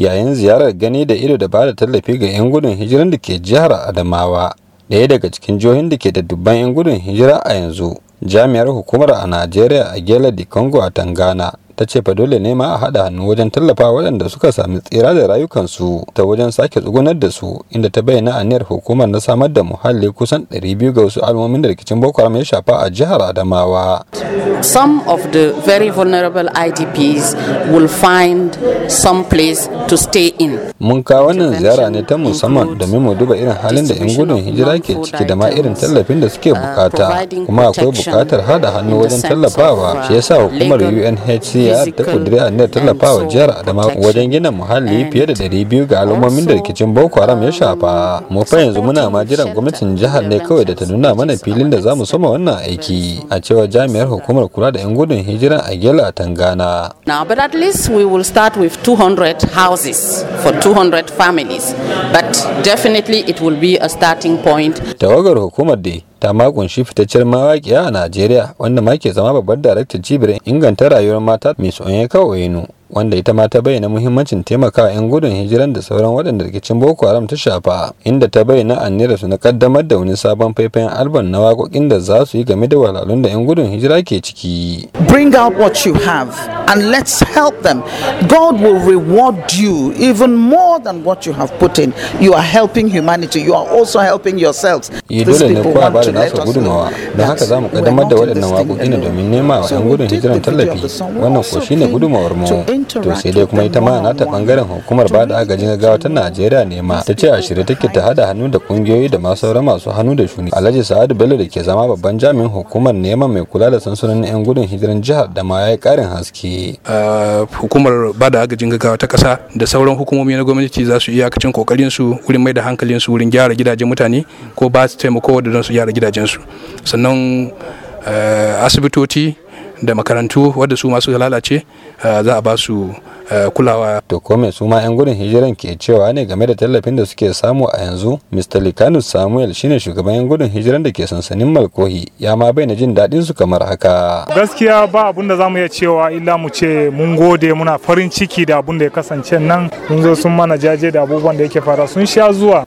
yayin ziyarar gani da ido da ba da tallafi ga 'yan gudun hijirar da ke jihar adamawa ɗaya daga cikin jihohin da ke da dubban 'yan gudun hijira a yanzu jami'ar hukumar a najeriya a gela di congo a tangana ta ce fa dole ne ma a haɗa hannu wajen tallafa waɗanda suka sami tsira da rayukansu ta wajen sake tsugunar da su inda ta bayyana aniyar hukumar na samar da muhalli kusan 200 ga wasu al'ummomin da rikicin boko haram ya shafa a jihar adamawa some of the very vulnerable IDPs will find some place to stay in. Mun ka wannan ziyara ne ta musamman domin mu duba irin halin da 'yan gudun hijira ke ciki da ma irin tallafin da suke uh, bukata kuma akwai bukatar hada hannu wajen tallafawa shi yasa uh, hukumar UNHCR ta kudiri aniyar tallafawa jihar Adama wajen gina muhalli fiye da 200 ga al'ummomin da rikicin Boko Haram ya shafa. Um, mu fa yanzu muna ma jiran gwamnatin jihar ne kawai da ta nuna mana filin da za mu soma wannan aiki a cewa jami'ar hukumar kula da 'yan gudun hijira a gela tangana now but at least we will start with 200 houses for 200 families but definitely it will be a starting point tawagar hukumar dai ta ma kunshi fitaccen mawaƙiya a Najeriya wanda ma ke zama babbar daraktar cibiyar inganta rayuwar mata mai soyayya kawai nu wanda ita ma ta bayyana muhimmancin taimakawa 'yan gudun hijiran da sauran waɗanda rikicin Boko Haram ta shafa inda ta bayyana annira su na kaddamar da wani sabon faifayen alban na waƙoƙin da za su yi game da walalun da 'yan gudun hijira ke ciki. Bring out what you have and let's help them. God will reward you even more than what you have put in. You are helping humanity. You are also helping yourselves. Yi dole ne kuwa ba da da nasu gudumawa don haka za mu kaddamar da waɗannan waƙoƙi ne domin nema wa 'yan gudun hijiran tallafi wannan ko shine gudunmawar mu to sai dai kuma ita ma ta bangaren hukumar ba da agajin gaggawa ta najeriya ne ma ta ce a shirye take ta hada hannu da kungiyoyi da masu sauran masu hannu da shuni alhaji sa'adu bello da ke zama babban jami'in hukumar neman mai kula da sansanonin 'yan gudun hijiran jihar da ma ya yi karin haske hukumar ba da agajin gaggawa ta kasa da sauran hukumomi na gwamnati za su iyakacin kokarin su wurin mai da hankalin su wurin gyara gidajen mutane ko ba su taimako da don su gyara gidajensu sannan eh, asibitoci da makarantu wadda su masu lalace eh, za a ba su eh, kulawa. To kome su ma 'yan gudun hijiran ke cewa ne game da tallafin da suke samu a yanzu? Mr. Likanus Samuel shine shugaban 'yan gudun hijiran da ke sansanin Malkohi ya ma na jin daɗin su kamar haka. Gaskiya ba abun da zamu iya cewa illa mu ce mun gode muna farin ciki da abun da ya kasance nan. Mun zo sun mana jaje da abubuwan da yake fara sun sha zuwa.